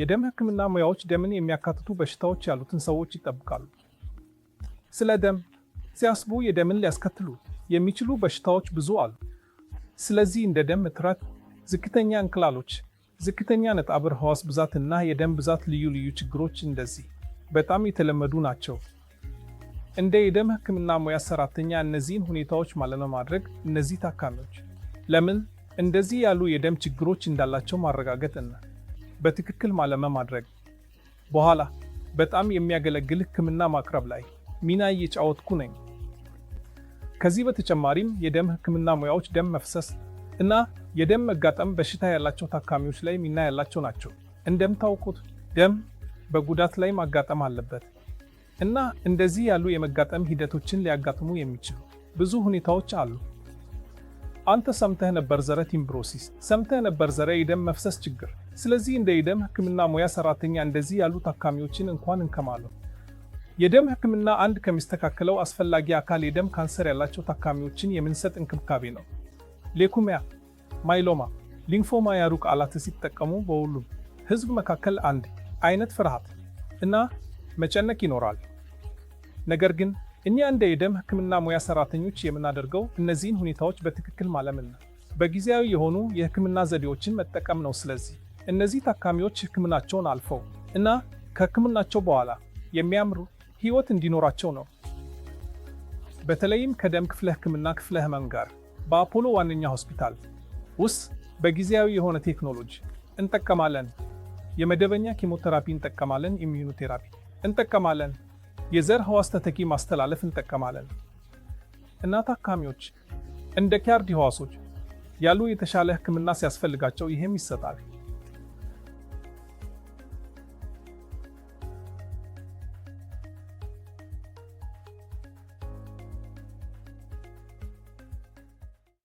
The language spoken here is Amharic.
የደም ህክምና ሙያዎች ደምን የሚያካትቱ በሽታዎች ያሉትን ሰዎች ይጠብቃሉ። ስለ ደም ሲያስቡ የደምን ሊያስከትሉ የሚችሉ በሽታዎች ብዙ አሉ። ስለዚህ እንደ ደም እጥረት፣ ዝቅተኛ እንክላሎች፣ ዝቅተኛ ነጣብር ህዋስ ብዛት እና የደም ብዛት ልዩ ልዩ ችግሮች እንደዚህ በጣም የተለመዱ ናቸው። እንደ የደም ህክምና ሙያ ሰራተኛ እነዚህን ሁኔታዎች ማለለ ማድረግ እነዚህ ታካሚዎች ለምን እንደዚህ ያሉ የደም ችግሮች እንዳላቸው ማረጋገጥ እና በትክክል ማለመ ማድረግ በኋላ በጣም የሚያገለግል ህክምና ማቅረብ ላይ ሚና እየጫወትኩ ነኝ። ከዚህ በተጨማሪም የደም ህክምና ሙያዎች ደም መፍሰስ እና የደም መጋጠም በሽታ ያላቸው ታካሚዎች ላይ ሚና ያላቸው ናቸው። እንደምታውቁት ደም በጉዳት ላይ ማጋጠም አለበት እና እንደዚህ ያሉ የመጋጠም ሂደቶችን ሊያጋጥሙ የሚችሉ ብዙ ሁኔታዎች አሉ። አንተ ሰምተህ ነበር ዘረ ቲምብሮሲስ፣ ሰምተህ ነበር ዘረ የደም መፍሰስ ችግር። ስለዚህ እንደ የደም ህክምና ሙያ ሰራተኛ እንደዚህ ያሉ ታካሚዎችን እንኳን እንከማለሁ የደም ህክምና አንድ ከሚስተካከለው አስፈላጊ አካል የደም ካንሰር ያላቸው ታካሚዎችን የምንሰጥ እንክብካቤ ነው። ሌኩሚያ፣ ማይሎማ፣ ሊንፎማ ያሉ ቃላት ሲጠቀሙ በሁሉም ህዝብ መካከል አንድ አይነት ፍርሃት እና መጨነቅ ይኖራል። ነገር ግን እኛ እንደ የደም ህክምና ሙያ ሰራተኞች የምናደርገው እነዚህን ሁኔታዎች በትክክል ማለምን ነው። በጊዜያዊ የሆኑ የህክምና ዘዴዎችን መጠቀም ነው። ስለዚህ እነዚህ ታካሚዎች ህክምናቸውን አልፈው እና ከህክምናቸው በኋላ የሚያምሩ ህይወት እንዲኖራቸው ነው። በተለይም ከደም ክፍለ ህክምና ክፍለ ህመም ጋር በአፖሎ ዋነኛ ሆስፒታል ውስጥ በጊዜያዊ የሆነ ቴክኖሎጂ እንጠቀማለን። የመደበኛ ኪሞቴራፒ እንጠቀማለን። ኢሚኖቴራፒ እንጠቀማለን። የዘር ህዋስ ተተኪ ማስተላለፍ እንጠቀማለን እና ታካሚዎች እንደ ኪያርዲ ህዋሶች ያሉ የተሻለ ህክምና ሲያስፈልጋቸው ይህም ይሰጣል።